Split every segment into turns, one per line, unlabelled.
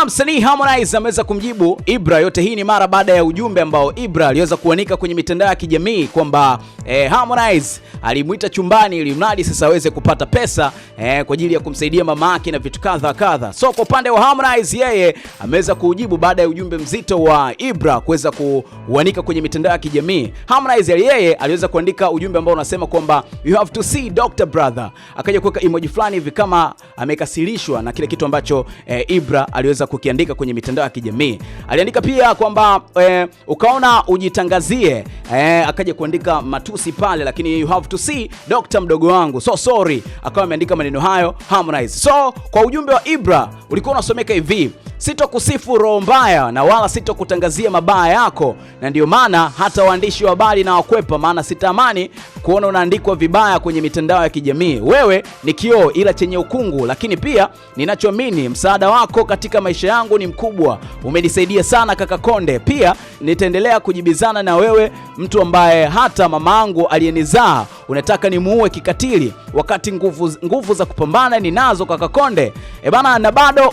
Naam, msanii Harmonize ameweza kumjibu Ibra. Yote hii ni mara baada ya ujumbe ambao Ibra aliweza kuanika kwenye mitandao ya kijamii kwamba eh, Harmonize alimwita chumbani ili mradi sasa aweze kupata pesa eh, kwa ajili ya kumsaidia mama yake na vitu kadha kadha. So kwa upande wa Harmonize, yeye ameweza kujibu baada ya ujumbe mzito wa Ibra kuweza kuanika kwenye mitandao ya kijamii. Harmonize yeye aliweza kuandika ujumbe ambao unasema kwamba you have to see doctor brother, akaja kuweka emoji fulani hivi kama amekasirishwa na kile kitu ambacho eh, Ibra aliweza kukiandika kwenye mitandao ya kijamii. Aliandika pia kwamba e, ukaona ujitangazie e, akaja kuandika matusi pale, lakini you have to see Dr. mdogo wangu so sorry, akawa ameandika maneno hayo Harmonize. So kwa ujumbe wa Ibra ulikuwa unasomeka hivi Sitokusifu roho mbaya na wala sitokutangazia mabaya yako, na ndio maana hata waandishi wa habari na wakwepa, maana sitamani kuona unaandikwa vibaya kwenye mitandao ya kijamii. Wewe ni kioo ila chenye ukungu, lakini pia ninachoamini, msaada wako katika maisha yangu ni mkubwa. Umenisaidia sana kaka Konde. Pia nitaendelea kujibizana na wewe, mtu ambaye hata mamaangu aliyenizaa unataka nimuue kikatili, wakati nguvu, nguvu za kupambana ninazo kaka Konde. E bana, na bado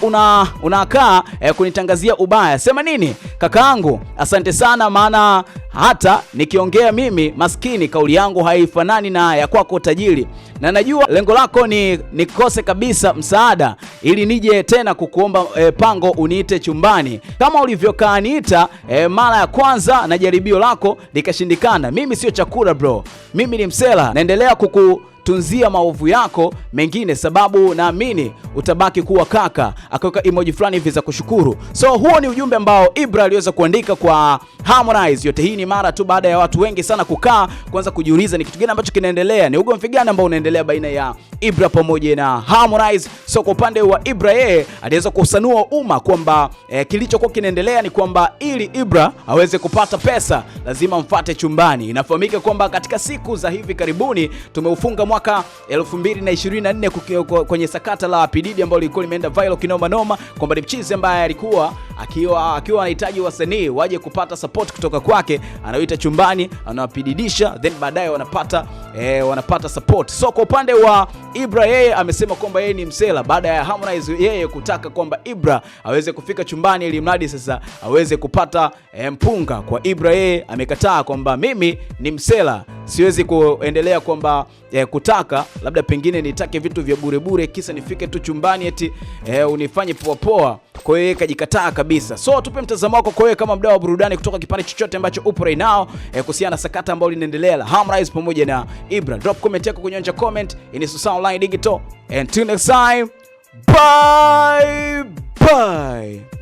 unakaa una eh, kunitangazia ubaya. Sema nini kakaangu? Asante sana, maana hata nikiongea mimi maskini, kauli yangu haifanani na ya kwako tajiri, na najua lengo lako ni nikose kabisa msaada ili nije tena kukuomba eh, pango uniite chumbani kama ulivyokaa niita eh, mara ya kwanza na jaribio lako likashindikana. Mimi sio chakula bro, mimi ni msela, naendelea kuku tunzia maovu yako mengine, sababu naamini utabaki kuwa kaka. Akaweka emoji fulani hivi za kushukuru. So huo ni ujumbe ambao Ibra aliweza kuandika kwa Harmonize. Yote hii ni mara tu baada ya watu wengi sana kukaa kuanza kujiuliza ni kitu gani ambacho kinaendelea, ni ugomvi gani ambao unaendelea baina ya Ibra pamoja na Harmonize. So kwa upande wa Ibra, yeye aliweza kusanua umma kwamba e, kilichokuwa kinaendelea ni kwamba ili Ibra aweze kupata pesa lazima mfate chumbani. Inafahamika kwamba katika siku za hivi karibuni tumeufunga mwaka 2024 kwenye sakata la Pididi ambalo lilikuwa limeenda viral kinoma noma kwamba ni mchizi ambaye alikuwa akiwa akiwa anahitaji wasanii waje kupata support kutoka kwake, anaoita chumbani, anawapididisha then baadaye wanapata eh, wanapata support. So kwa upande wa Ibra, yeye amesema kwamba yeye ni msela baada ya Harmonize yeye kutaka kwamba Ibra aweze kufika chumbani ili mradi sasa aweze kupata eh, mpunga. Kwa Ibra yeye amekataa kwamba mimi ni msela siwezi kuendelea kwamba eh, kutaka labda pengine nitake vitu vya bure bure, kisa nifike tu chumbani eti eh, unifanye poa poa. Kwa hiyo kajikataa kabisa. So tupe mtazamo wako kwa kama mdau wa burudani kutoka kipande chochote ambacho upo right now eh, kuhusiana na sakata ambayo linaendelea la Harmonize pamoja na Ibra. Drop comment yako kwenye comment in Susah Online Digital. Until next time. Bye bye.